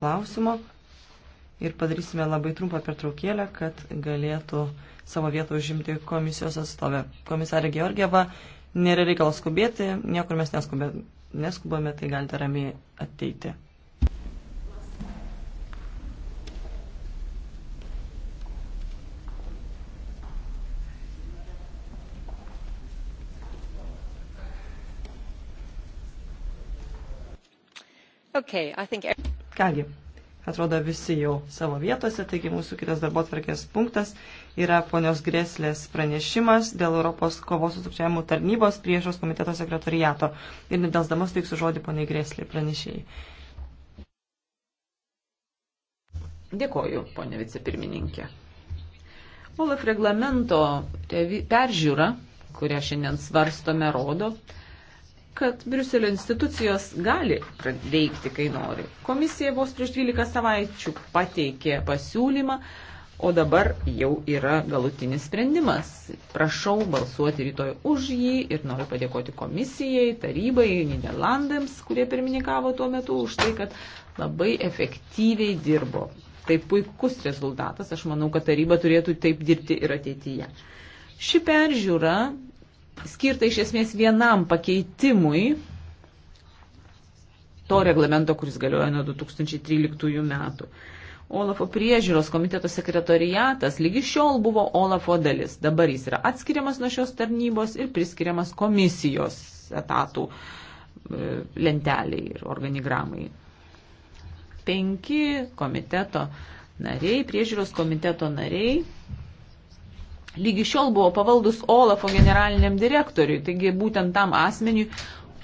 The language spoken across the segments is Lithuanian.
klausimo ir padarysime labai trumpą pertraukėlę, kad galėtų savo vietą užimti komisijos atstovę. Komisarė Georgieva, nėra reikalo skubėti, niekur mes neskubėme, neskubame, tai galite ramiai ateiti. Okay, I think... Kągi, atrodo visi jau savo vietose, taigi mūsų kitas darbo tvarkės punktas yra ponios Greslės pranešimas dėl Europos kovos su sukčiavimu tarnybos priešos komiteto sekretoriato. Ir nedelsdamas teiksiu žodį poniai Greslė pranešėjai. Dėkoju, ponė vicepirmininkė. OLAF reglamento peržiūra, kurią šiandien svarstome, rodo, kad Briuselio institucijos gali veikti, kai nori. Komisija vos prieš 12 savaičių pateikė pasiūlymą, o dabar jau yra galutinis sprendimas. Prašau balsuoti rytoj už jį ir noriu padėkoti komisijai, tarybai, Niderlandams, kurie pirmininkavo tuo metu už tai, kad labai efektyviai dirbo. Tai puikus rezultatas, aš manau, kad taryba turėtų taip dirbti ir ateityje. Ši peržiūra skirta iš esmės vienam pakeitimui to reglamento, kuris galioja nuo 2013 metų. Olafo priežiūros komiteto sekretoriatas lygi šiol buvo Olafo dalis. Dabar jis yra atskiriamas nuo šios tarnybos ir priskiriamas komisijos etatų e, lenteliai ir organigramai. Penki komiteto nariai, priežiūros komiteto nariai lygi šiol buvo pavaldus Olafo generaliniam direktoriui, taigi būtent tam asmeniui,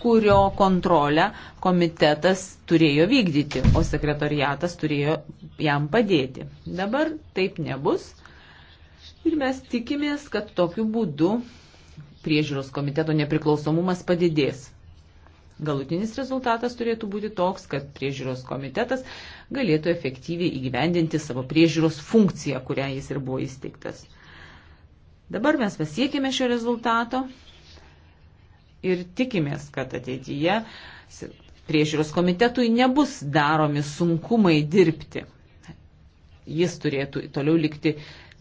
kurio kontrolę komitetas turėjo vykdyti, o sekretariatas turėjo jam padėti. Dabar taip nebus ir mes tikimės, kad tokiu būdu priežiūros komiteto nepriklausomumas padidės. Galutinis rezultatas turėtų būti toks, kad priežiūros komitetas galėtų efektyviai įgyvendinti savo priežiūros funkciją, kurią jis ir buvo įsteigtas. Dabar mes pasiekime šio rezultato ir tikimės, kad ateityje priežiūros komitetui nebus daromi sunkumai dirbti. Jis turėtų toliau likti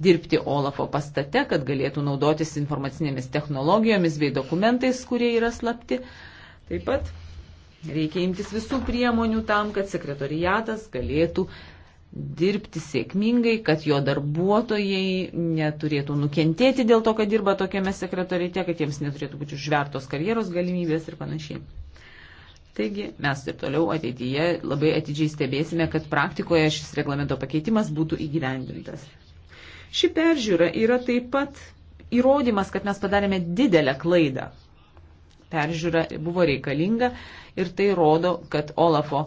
dirbti Olafo pastate, kad galėtų naudotis informacinėmis technologijomis bei dokumentais, kurie yra slapti. Taip pat reikia imtis visų priemonių tam, kad sekretorijatas galėtų dirbti sėkmingai, kad jo darbuotojai neturėtų nukentėti dėl to, kad dirba tokiame sekretorite, kad jiems neturėtų būti užvertos karjeros galimybės ir panašiai. Taigi mes ir toliau ateityje labai atidžiai stebėsime, kad praktikoje šis reglamento pakeitimas būtų įgyvendintas. Ši peržiūra yra taip pat įrodymas, kad mes padarėme didelę klaidą. Peržiūra buvo reikalinga ir tai rodo, kad Olafo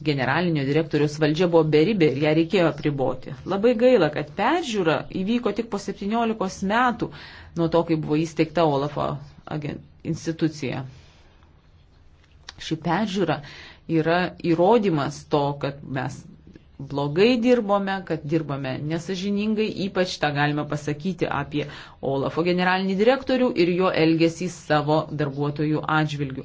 generalinio direktorius valdžia buvo beribė ir ją reikėjo apriboti. Labai gaila, kad peržiūra įvyko tik po 17 metų nuo to, kai buvo įsteigta Olafo institucija. Ši peržiūra yra įrodymas to, kad mes blogai dirbome, kad dirbame nesažiningai, ypač tą galime pasakyti apie Olafo generalinį direktorių ir jo elgesį savo darbuotojų atžvilgių.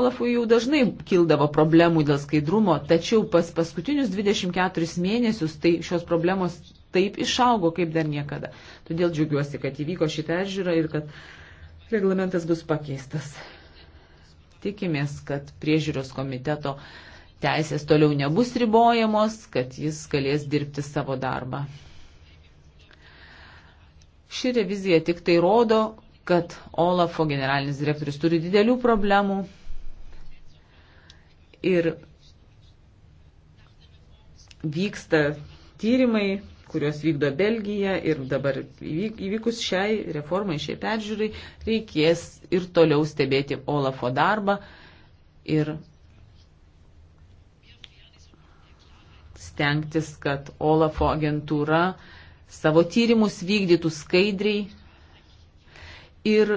Olafui jau dažnai kildavo problemų dėl skaidrumo, tačiau pas paskutinius 24 mėnesius tai šios problemos taip išaugo kaip dar niekada. Todėl džiugiuosi, kad įvyko šitą peržiūrą ir kad reglamentas bus pakeistas. Tikimės, kad priežiūros komiteto uh, teisės toliau nebus ribojamos, kad jis galės dirbti savo darbą. Ši revizija tik tai rodo, kad Olafo generalinis direktorius turi didelių problemų ir vyksta tyrimai, kuriuos vykdo Belgija ir dabar įvykus šiai reformai, šiai peržiūrai, reikės ir toliau stebėti Olafo darbą ir stengtis, kad Olafo agentūra savo tyrimus vykdytų skaidriai ir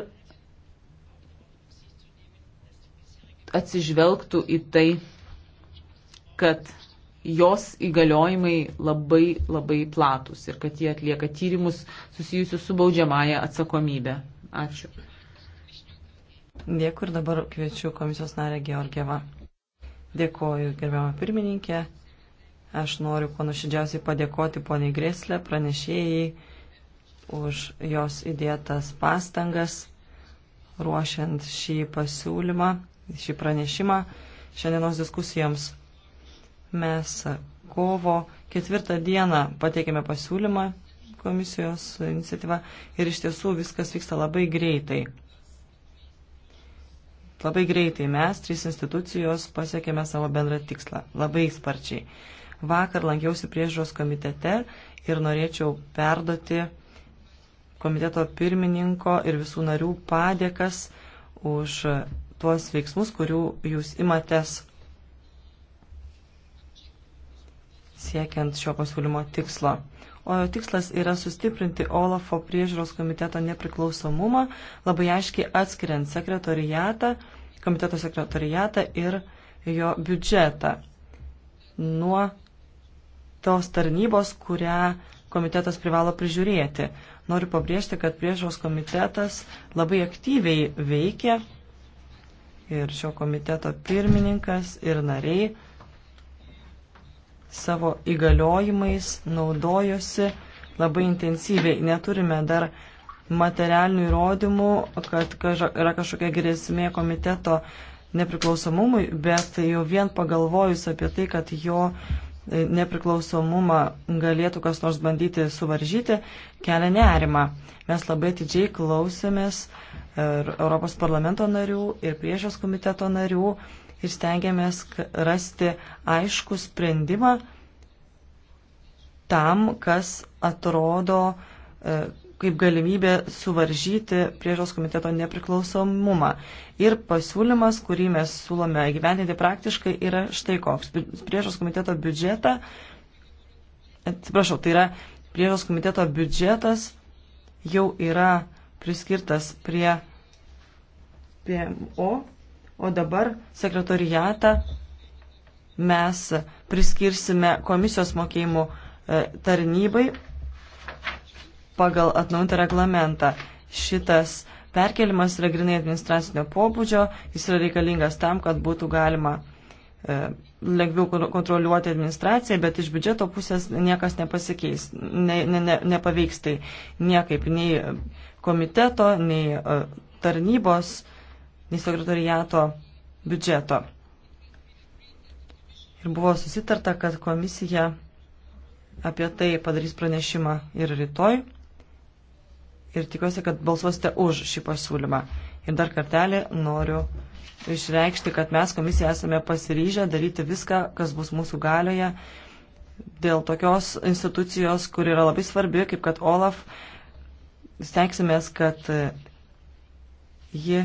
atsižvelgtų į tai, kad jos įgaliojimai labai labai platus ir kad jie atlieka tyrimus susijusius su baudžiamąją atsakomybę. Ačiū. Dėkui ir dabar kviečiu komisijos narę Georgievą. Dėkoju, gerbiamą pirmininkę. Aš noriu kuo nuoširdžiausiai padėkoti poniai Greslė, pranešėjai, už jos įdėtas pastangas, ruošiant šį pasiūlymą, šį pranešimą šiandienos diskusijoms. Mes kovo ketvirtą dieną pateikėme pasiūlymą komisijos iniciatyvą ir iš tiesų viskas vyksta labai greitai. Labai greitai mes, trys institucijos, pasiekėme savo bendrą tikslą. Labai sparčiai. Vakar lankiausi priežiūros komitete ir norėčiau perduoti komiteto pirmininko ir visų narių padėkas už tuos veiksmus, kurių jūs imatės siekiant šio pasiūlymo tikslo. O jo tikslas yra sustiprinti Olafo priežiūros komiteto nepriklausomumą, labai aiškiai atskiriant sekretorijatą, komiteto sekretorijatą ir jo biudžetą nuo tos tarnybos, kurią komitetas privalo prižiūrėti. Noriu pabrėžti, kad priežos komitetas labai aktyviai veikia ir šio komiteto pirmininkas ir nariai savo įgaliojimais naudojosi labai intensyviai. Neturime dar materialinių įrodymų, kad yra kažkokia grėsmė komiteto nepriklausomumui, bet jau vien pagalvojus apie tai, kad jo nepriklausomumą galėtų kas nors bandyti suvaržyti, kelia nerima. Mes labai atidžiai klausėmės ir Europos parlamento narių, ir priežios komiteto narių ir stengiamės rasti aišku sprendimą tam, kas atrodo e, kaip galimybė suvaržyti priežos komiteto nepriklausomumą. Ir pasiūlymas, kurį mes siūlome gyventinti praktiškai, yra štai koks. Priežos komiteto biudžetą, atsiprašau, tai yra priežos komiteto biudžetas jau yra priskirtas prie PMO, o dabar sekretorijatą mes priskirsime komisijos mokėjimų e, tarnybai pagal atnaujintą reglamentą. Šitas perkelimas yra grinai administracinio pobūdžio, jis yra reikalingas tam, kad būtų galima e, lengviau kontroliuoti administraciją, bet iš biudžeto pusės niekas nepasikeis, ne, ne, ne, nepaveiks tai niekaip nei komiteto, nei e, tarnybos, nei sekretariato biudžeto. Ir buvo susitarta, kad komisija apie tai padarys pranešimą ir rytoj ir tikiuosi, kad balsuosite už šį pasiūlymą. Ir dar kartelį noriu išreikšti, kad mes komisija esame pasiryžę daryti viską, kas bus mūsų galioje dėl tokios institucijos, kur yra labai svarbi, kaip kad Olaf, stengsimės, kad ji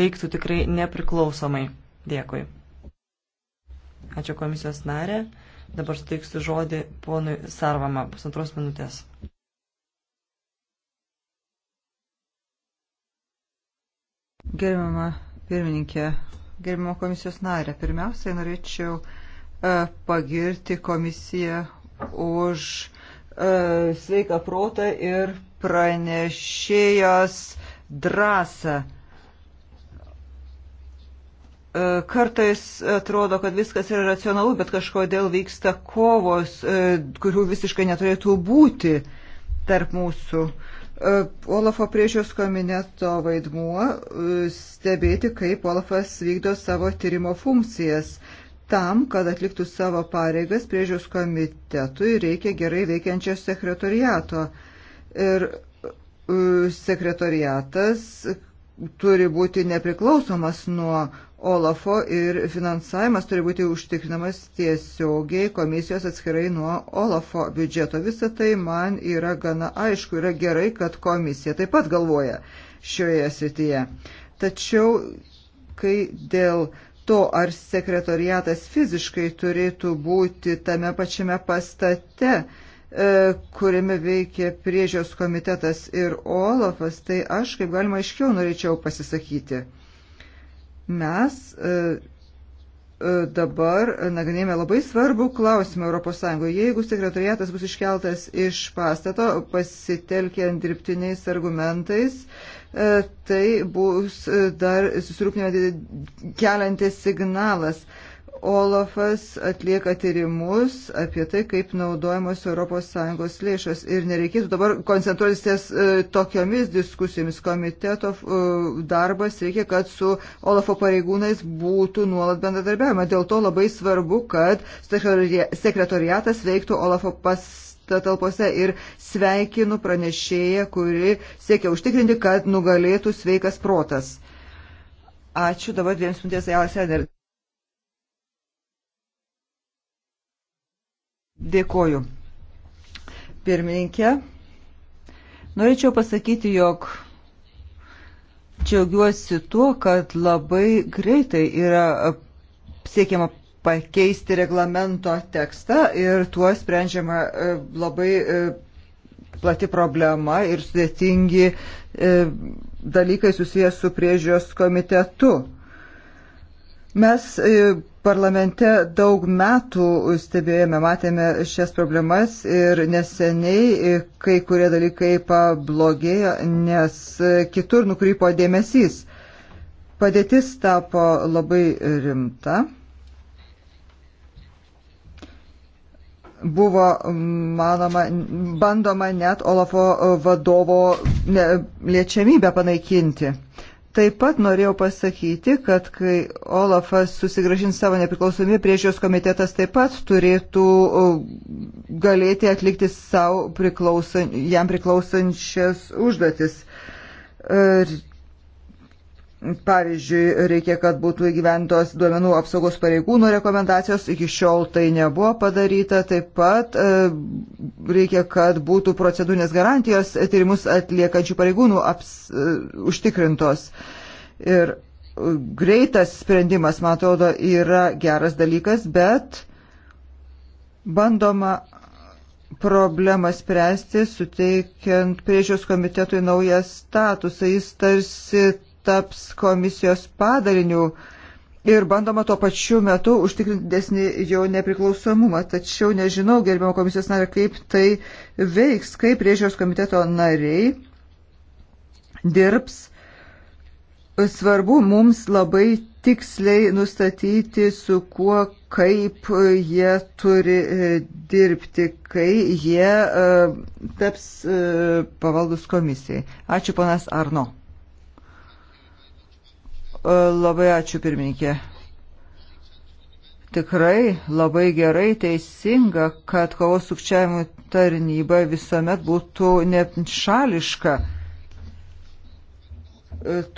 veiktų tikrai nepriklausomai. Dėkui. Ačiū komisijos narė. Dabar suteiksiu žodį ponui Sarvama, pusantros minutės. Gerbiama pirmininkė, gerbimo komisijos narė, pirmiausiai norėčiau e, pagirti komisiją už e, sveiką protą ir pranešėjos drąsą. E, kartais atrodo, kad viskas yra racionalu, bet kažkodėl vyksta kovos, kurių visiškai neturėtų būti tarp mūsų. Uh, E, Olafo priežios komiteto vaidmuo e, stebėti, kaip Olafas vykdo savo tyrimo funkcijas. Tam, kad atliktų savo pareigas priežios komitetui, reikia gerai veikiančio sekretoriato. Ir e, sekretoriatas turi būti nepriklausomas nuo Olafo ir finansavimas turi būti užtikrinamas tiesiogiai komisijos atskirai nuo Olafo biudžeto. Visą tai man yra gana aišku, yra gerai, kad komisija taip pat galvoja šioje srityje. Tačiau, kai dėl to, ar sekretoriatas fiziškai turėtų būti tame pačiame pastate, E, kuriame veikia priežios komitetas ir Olafas, tai aš kaip galima aiškiau norėčiau pasisakyti. Mes e, e, dabar nagrinėjame labai svarbų klausimą ES. Jeigu sekretariatas bus iškeltas iš pastato pasitelkiant dirbtiniais argumentais, tai bus dar susirūpinimą keliantis signalas. Olafas atlieka tyrimus apie tai, kaip naudojamos ES lėšas. Ir nereikėtų dabar koncentruotis ties e, tokiomis diskusijomis. Komiteto e, darbas reikia, kad su Olafo pareigūnais būtų nuolat bendradarbiavimo. Dėl to labai svarbu, kad sekretoriatas veiktų Olafo pas talpose ir sveikinu pranešėją, kuri siekia užtikrinti, kad nugalėtų sveikas protas. Ačiū dabar dviems minties Jalas Eder. Dėkoju. Pirmininkė, norėčiau pasakyti, jog džiaugiuosi tuo, kad labai greitai yra siekiama pakeisti reglamento tekstą ir tuo sprendžiama e, labai e, plati problema ir sudėtingi e, dalykai susijęs su priežios komitetu. Mes parlamente daug metų stebėjome, matėme šias problemas ir neseniai e, kai kurie dalykai pablogėjo, nes e, kitur nukrypo dėmesys. Padėtis tapo labai rimta. Buvo manoma, bandoma net Olafo e, vadovo liečiamybę panaikinti. Taip pat norėjau pasakyti, kad kai Olafas susigražins savo nepriklausomybę, priežiūros komitetas taip pat turėtų galėti atlikti savo priklausan, jam priklausančias užduotis. Pavyzdžiui, reikia, kad būtų įgyventos duomenų apsaugos pareigūnų rekomendacijos, iki šiol tai nebuvo padaryta. Taip pat e, reikia, kad būtų procedūrinės garantijos tyrimus atliekančių pareigūnų aps, e, užtikrintos. Ir e, greitas sprendimas, man atrodo, yra geras dalykas, bet bandoma problemą spręsti, suteikiant priežios komitetui naują statusą. Jis tarsi taps komisijos padaliniu ir bandoma tuo pačiu metu užtikrinti desnį jo nepriklausomumą. Tačiau nežinau, gerbimo komisijos narė, kaip tai veiks, kaip priežiūros komiteto nariai dirbs. Svarbu mums labai tiksliai nustatyti, su kuo, kaip jie turi e, dirbti, kai jie e, taps e, pavaldus komisijai. Ačiū, ponas Arno. E, labai ačiū pirmininkė. Tikrai labai gerai teisinga, kad kovos sukčiavimo tarnyba visuomet būtų nešališka. E,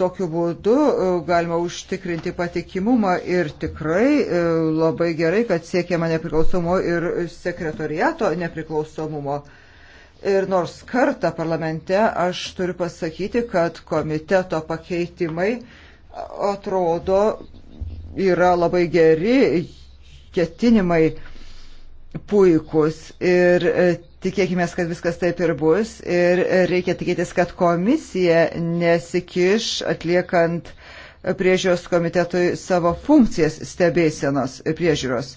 tokiu būdu e, galima užtikrinti patikimumą ir tikrai labai gerai, kad siekiama nepriklausomumo ir sekretoriato nepriklausomumo. Ir nors kartą parlamente aš turiu pasakyti, kad komiteto pakeitimai atrodo yra labai geri, ketinimai puikus ir e, tikėkime, kad viskas taip ir bus ir e, reikia tikėtis, kad komisija nesikiš atliekant priežiūros komitetui savo funkcijas stebėsenos priežiūros.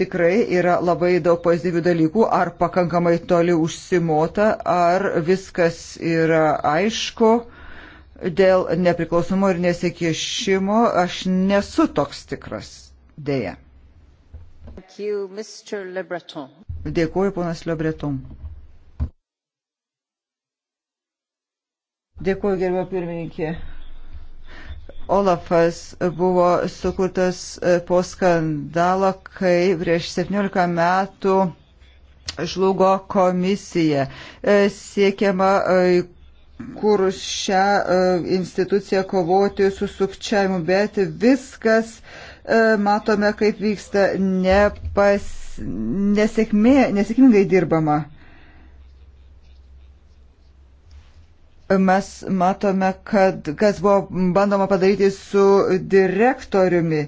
Tikrai yra labai daug pozityvių dalykų, ar pakankamai toli užsimota, ar viskas yra aišku Dėl nepriklausomo ir nesikiešimo aš nesu toks tikras, dėja. Dėkuoju, ponas Lebreton. Dėkuoju, gerbėjo pirmininkė. Olafas buvo sukurtas e, po skandalo, kai prieš 17 metų žlugo komisija. E, siekiama e, sukūrus šią e, instituciją kovoti su sukčiavimu, bet viskas e, matome, kaip vyksta nepas, nesėkmė, nesėkmingai dirbama. Mes matome, kad kas buvo bandoma padaryti su direktoriumi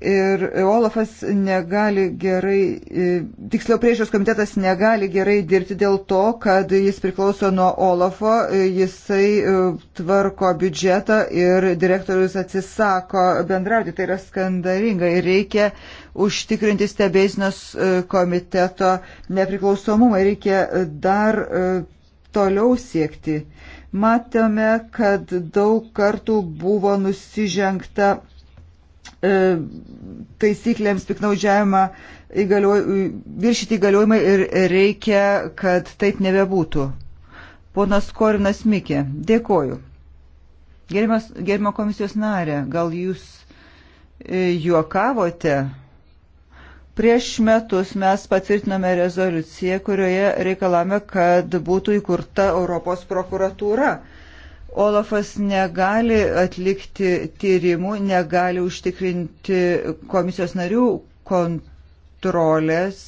ir Olafas negali gerai, e, tiksliau priežiūros komitetas negali gerai dirbti dėl to, kad jis priklauso nuo Olafo, e, jisai e, tvarko biudžetą ir direktorius atsisako bendrauti. Tai yra skandalinga ir reikia užtikrinti stebėsinos komiteto nepriklausomumą, reikia dar toliau siekti. Matome, kad daug kartų buvo nusižengta E, taisyklėms piknaudžiavimą įgaliu, viršyti įgaliojimai ir reikia, kad taip nebebūtų. Ponas Korinas Mikė, dėkoju. Gerimas, gerimo komisijos narė, gal jūs e, juokavote? Prieš metus mes patvirtinome rezoliuciją, kurioje reikalame, kad būtų įkurta Europos prokuratūra. Olafas negali atlikti tyrimų, negali užtikrinti komisijos narių kontrolės.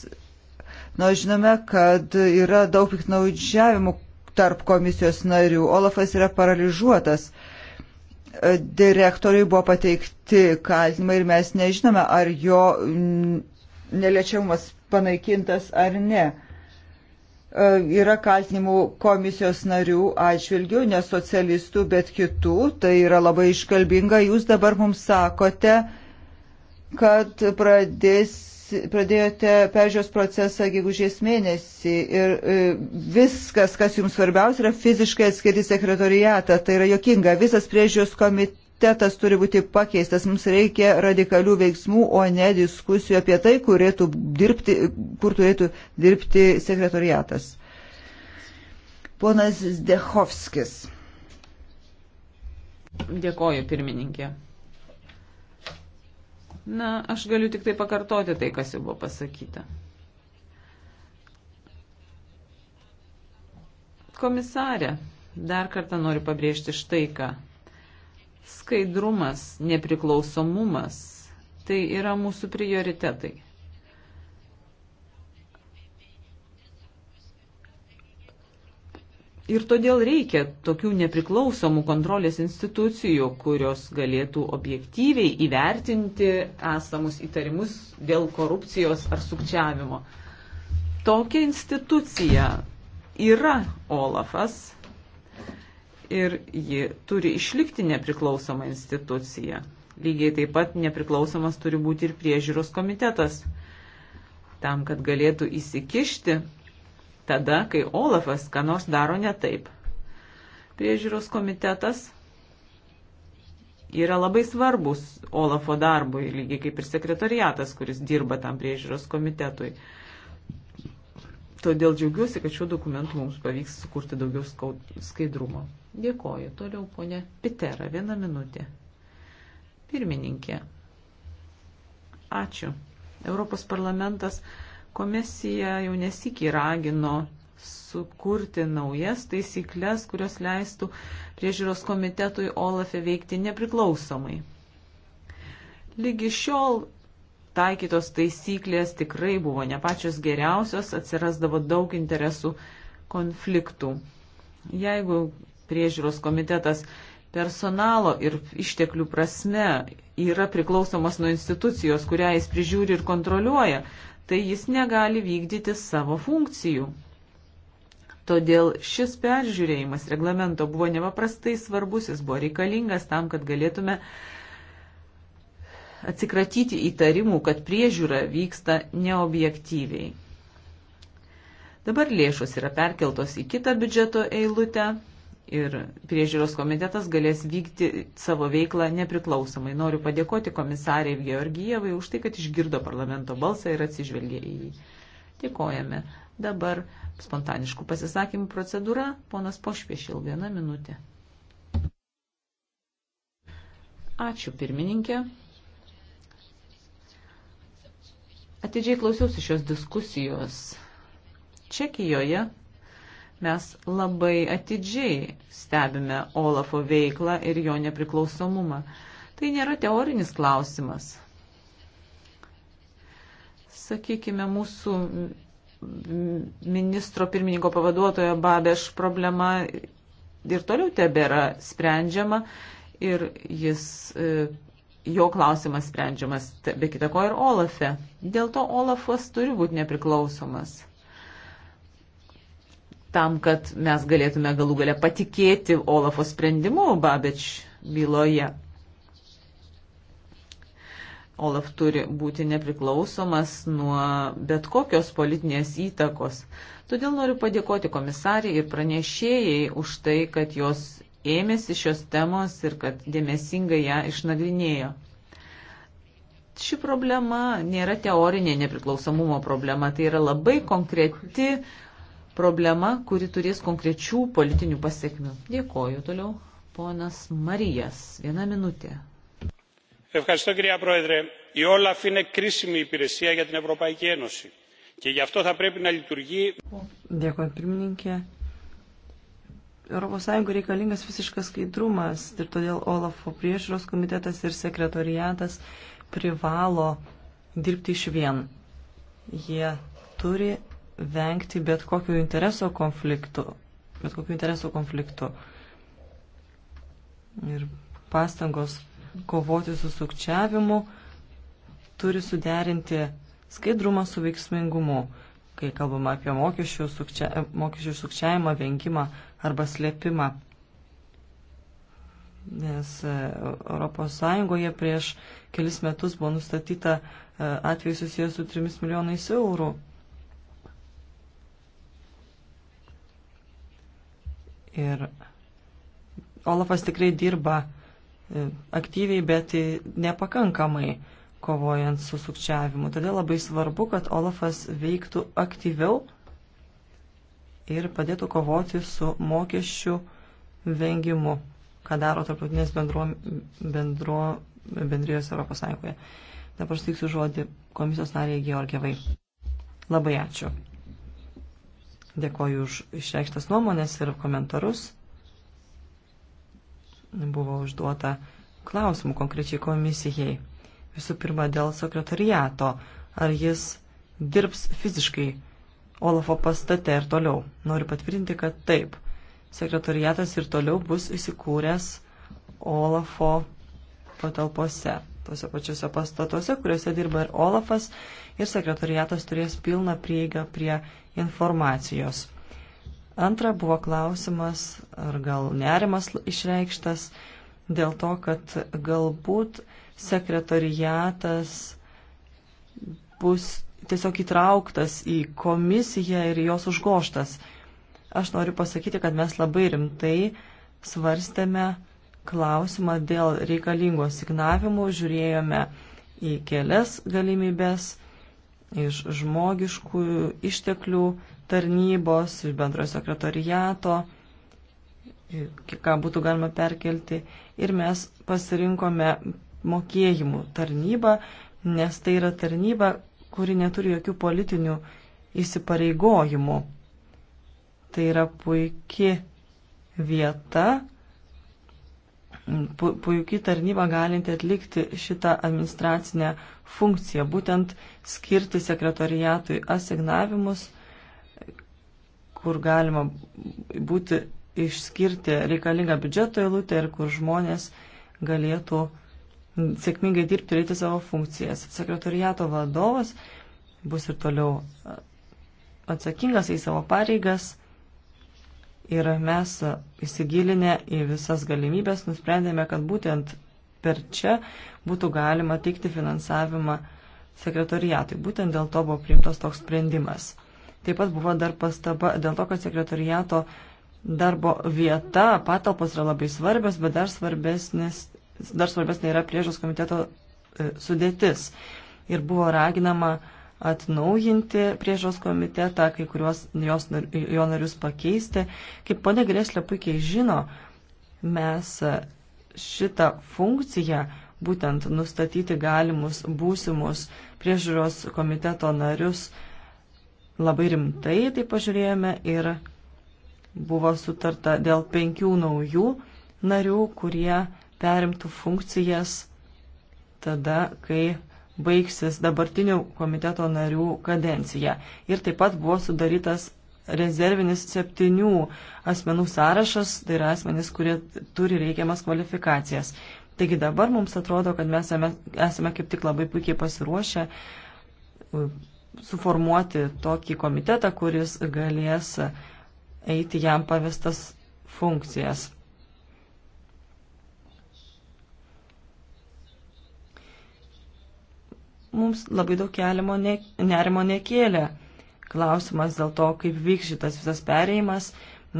Nors žinome, kad yra daug piknaudžiavimų tarp komisijos narių. Olafas yra paralyžiuotas. Direktoriui buvo pateikti kaltinimai ir mes nežinome, ar jo neliečiamas panaikintas ar ne. E, yra kaltinimų komisijos narių atžvilgių, ne socialistų, bet kitų. Tai yra labai iškalbinga. Jūs dabar mums sakote, kad pradės, pradėjote peržiūros procesą gegužės mėnesį ir e, viskas, kas jums svarbiausia, yra fiziškai atskirti sekretoriatą. Tai yra jokinga. Visas priežiūros komitetas mentalitetas turi būti pakeistas. Mums reikia radikalių veiksmų, o ne diskusijų apie tai, kur turėtų dirbti, kur turėtų dirbti sekretoriatas. Ponas Dehovskis. Dėkoju, pirmininkė. Na, aš galiu tik tai pakartoti tai, kas jau buvo pasakyta. Komisarė, dar kartą noriu pabrėžti štai ką. Skaidrumas, nepriklausomumas - tai yra mūsų prioritetai. Ir todėl reikia tokių nepriklausomų kontrolės institucijų, kurios galėtų objektyviai įvertinti esamus įtarimus dėl korupcijos ar sukčiavimo. Tokia institucija yra Olafas ir ji turi išlikti nepriklausoma institucija. Lygiai taip pat nepriklausomas turi būti ir priežiūros komitetas. Tam, kad galėtų įsikišti tada, kai Olafas ką nors daro ne taip. Priežiūros komitetas yra labai svarbus Olafo darbui, lygiai kaip ir sekretariatas, kuris dirba tam priežiūros komitetui. Todėl džiaugiuosi, kad šiuo dokumentu mums pavyks sukurti daugiau skaidrumo. Dėkoju. Toliau, ponė Pitera, vieną minutę. Pirmininkė. Ačiū. Europos parlamentas komisija jau nesikį ragino sukurti naujas taisyklės, kurios leistų priežiūros komitetui Olafe veikti nepriklausomai. Lygi šiol taikytos taisyklės tikrai buvo ne pačios geriausios, atsirasdavo daug interesų konfliktų. Jeigu priežiūros komitetas personalo ir išteklių prasme yra priklausomas nuo institucijos, kurią jis prižiūri ir kontroliuoja, tai jis negali vykdyti savo funkcijų. Todėl šis peržiūrėjimas reglamento buvo nepaprastai svarbus, jis buvo reikalingas tam, kad galėtume uh, atsikratyti įtarimų, kad priežiūra vyksta neobjektyviai. Dabar lėšos yra perkeltos į kitą biudžeto eilutę ir priežiūros komitetas galės vykti savo veiklą nepriklausomai. Noriu padėkoti komisariai Georgijevai už tai, kad išgirdo parlamento balsą ir atsižvelgė į jį. Dėkojame. Dabar spontaniškų pasisakymų procedūra. Ponas Pošpiešil, viena minutė. Ačiū pirmininkė. Atidžiai klausiausi šios diskusijos. Čekijoje mes labai atidžiai stebime Olafo veiklą ir jo nepriklausomumą. Tai nėra teorinis klausimas. Sakykime, mūsų ministro pirmininko pavaduotojo Babeš problema ir toliau tebėra sprendžiama ir jis e, jo klausimas sprendžiamas, be kita ko ir Olafe. Dėl to Olafas turi būti nepriklausomas. Tam, kad mes galėtume galų galę patikėti Olafo sprendimu Babič byloje. Olaf turi būti nepriklausomas nuo bet kokios politinės įtakos. Todėl noriu padėkoti komisariai ir pranešėjai už tai, kad jos ėmėsi šios temos ir kad dėmesingai ją išnagrinėjo. Ši problema nėra teorinė nepriklausomumo problema, tai yra labai konkreti problema, kuri turės konkrečių politinių pasiekmių. Dėkoju toliau. Ponas Marijas, viena minutė. Ευχαριστώ κυρία Πρόεδρε. Η Όλαφ είναι κρίσιμη υπηρεσία για την Ευρωπαϊκή Ένωση και γι' αυτό θα πρέπει να λειτουργεί. Dėkui, pirmininkė. ES reikalingas visiškas skaidrumas ir todėl Olafo priežiūros komitetas ir sekretoriatas privalo dirbti iš vien. Jie turi vengti bet kokių interesų konfliktų. Bet kokių interesų konfliktų. Ir pastangos kovoti su sukčiavimu turi suderinti skaidrumą su veiksmingumu kai kalbama apie mokesčių, sukčia, mokesčių sukčiavimą, vengimą arba slėpimą. Nes ES prieš kelis metus buvo nustatyta e, atvejai susijęs su 3 milijonais eurų. Ir Olafas tikrai dirba e, aktyviai, bet nepakankamai kovojant su sukčiavimu. Todėl labai svarbu, kad Olafas veiktų aktyviau ir padėtų kovoti su mokesčių vengimu, ką daro tarptautinės bendro, bendro, bendrijos Europos Sąjungoje. Dabar steiksiu žodį komisijos nariai Georgievai. Labai ačiū. Dėkoju už išreikštas nuomonės ir komentarus. Buvo užduota klausimų konkrečiai komisijai. Visų pirma, dėl sekretariato. Ar jis dirbs fiziškai Olafo pastate ir toliau? Noriu patvirtinti, kad taip. Sekretariatas ir toliau bus įsikūręs Olafo patalpose tose pačiose pastatuose, kuriuose dirba ir Olafas, ir sekretariatas turės pilną prieigą prie informacijos. Antra buvo klausimas, ar gal nerimas išreikštas dėl to, kad galbūt sekretariatas bus tiesiog įtrauktas į komisiją ir jos užgoštas. Aš noriu pasakyti, kad mes labai rimtai svarstėme klausimą dėl reikalingo signavimų, žiūrėjome į kelias galimybės iš žmogiškų išteklių tarnybos, iš bendrojo sekretariato, ką būtų galima perkelti. Ir mes pasirinkome mokėjimų tarnyba, nes tai yra tarnyba, kuri neturi jokių politinių įsipareigojimų. Tai yra puikia vieta, pu, puikiai tarnyba galinti atlikti šitą administracinę funkciją, būtent skirti sekretoriatui asignavimus, kur galima būti išskirti reikalingą biudžeto eilutę ir kur žmonės galėtų sėkmingai dirbti, turėti savo funkcijas. Sekretariato vadovas bus ir toliau atsakingas į savo pareigas ir mes įsigilinę į visas galimybės nusprendėme, kad būtent per čia būtų galima teikti finansavimą sekretariatui. Būtent dėl to buvo priimtas toks sprendimas. Taip pat buvo dar pastaba dėl to, kad sekretariato darbo vieta, patalpos yra labai svarbios, bet dar svarbesnis dar svarbesnė yra priežos komiteto e, sudėtis. Ir buvo raginama atnaujinti priežos komitetą, kai kuriuos jos, jo narius pakeisti. Kaip ponė Greslė puikiai žino, mes e, šitą funkciją, būtent nustatyti galimus būsimus priežiūros komiteto narius, labai rimtai tai pažiūrėjome ir buvo sutarta dėl penkių naujų narių, kurie perimtų funkcijas tada, kai baigsis dabartinių komiteto narių kadencija. Ir taip pat buvo sudarytas rezervinis septynių asmenų sąrašas, tai yra asmenys, kurie turi reikiamas kvalifikacijas. Taigi dabar mums atrodo, kad mes esame, esame kaip tik labai puikiai pasiruošę suformuoti tokį komitetą, kuris galės eiti jam pavestas funkcijas. mums labai daug kelimo ne, nerimo nekėlė. Klausimas dėl to, kaip vyks šitas visas perėjimas,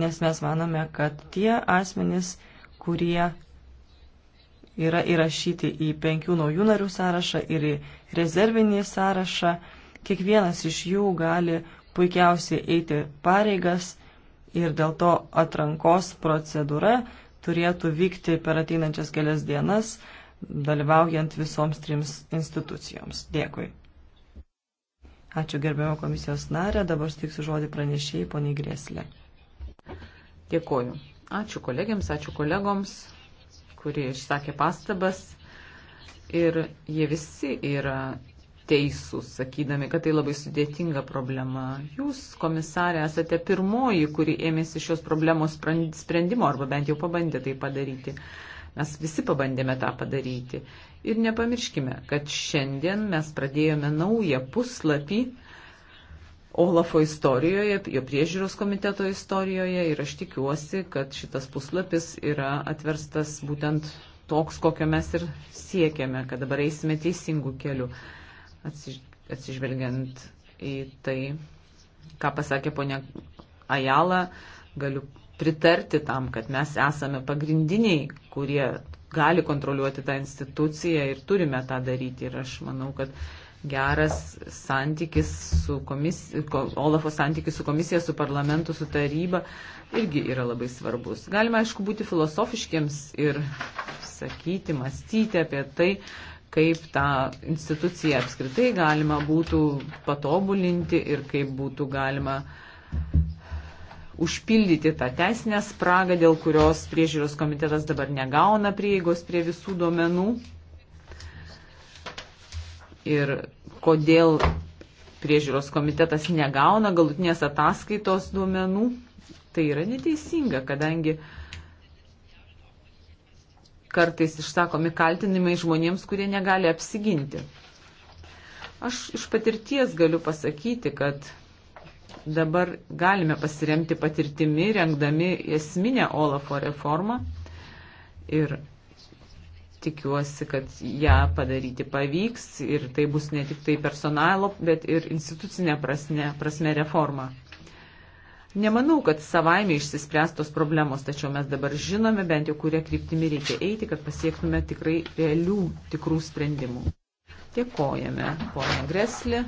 nes mes manome, kad tie asmenys, kurie yra įrašyti į penkių naujų narių sąrašą ir į rezervinį sąrašą. Kiekvienas iš jų gali puikiausiai eiti pareigas ir dėl to atrankos procedūra turėtų vykti per ateinančias kelias dienas dalyvaujant visoms trims institucijoms. Dėkui. Ačiū gerbiamo komisijos narė, dabar stiksiu žodį pranešėjai poniai Grėslė. Dėkoju. Ačiū kolegiams, ačiū kolegoms, kurie išsakė pastabas. Ir jie visi yra teisūs, sakydami, kad tai labai sudėtinga problema. Jūs, komisarė, esate pirmoji, kuri ėmėsi šios problemos sprendimo arba bent jau pabandė tai padaryti. Mes visi pabandėme tą padaryti. Ir nepamirškime, kad šiandien mes pradėjome naują puslapį Olafo istorijoje, jo priežiūros komiteto istorijoje ir aš tikiuosi, kad šitas puslapis yra atverstas būtent toks, kokio mes ir siekiame, kad dabar eisime teisingų kelių, atsiž atsižvelgiant į tai, ką pasakė ponia Ajala, galiu pritarti tam, kad mes esame pagrindiniai, kurie gali kontroliuoti tą instituciją ir turime tą daryti. Ir aš manau, kad geras santykis su komisija, Olafo santykis su komisija, su parlamentu, su taryba irgi yra labai svarbus. Galima, aišku, būti filosofiškiams ir sakyti, mąstyti apie tai, kaip tą instituciją apskritai galima būtų patobulinti ir kaip būtų galima užpildyti tą teisinę spragą, dėl kurios priežiūros komitetas dabar negauna prieigos prie visų duomenų. Ir kodėl priežiūros komitetas negauna galutinės ataskaitos duomenų, tai yra neteisinga, kadangi kartais išsakomi kaltinimai žmonėms, kurie negali apsiginti. Aš iš patirties galiu pasakyti, kad dabar galime pasiremti patirtimi, rengdami esminę Olafo reformą ir tikiuosi, kad ją padaryti pavyks ir tai bus ne tik tai personalo, bet ir institucinė prasme, prasme reforma. Nemanau, kad savaime išsispręstos problemos, tačiau mes dabar žinome bent jau, kuria kryptimi reikia eiti, kad pasiektume tikrai realių, tikrų sprendimų. Dėkojame, ponia Greslė.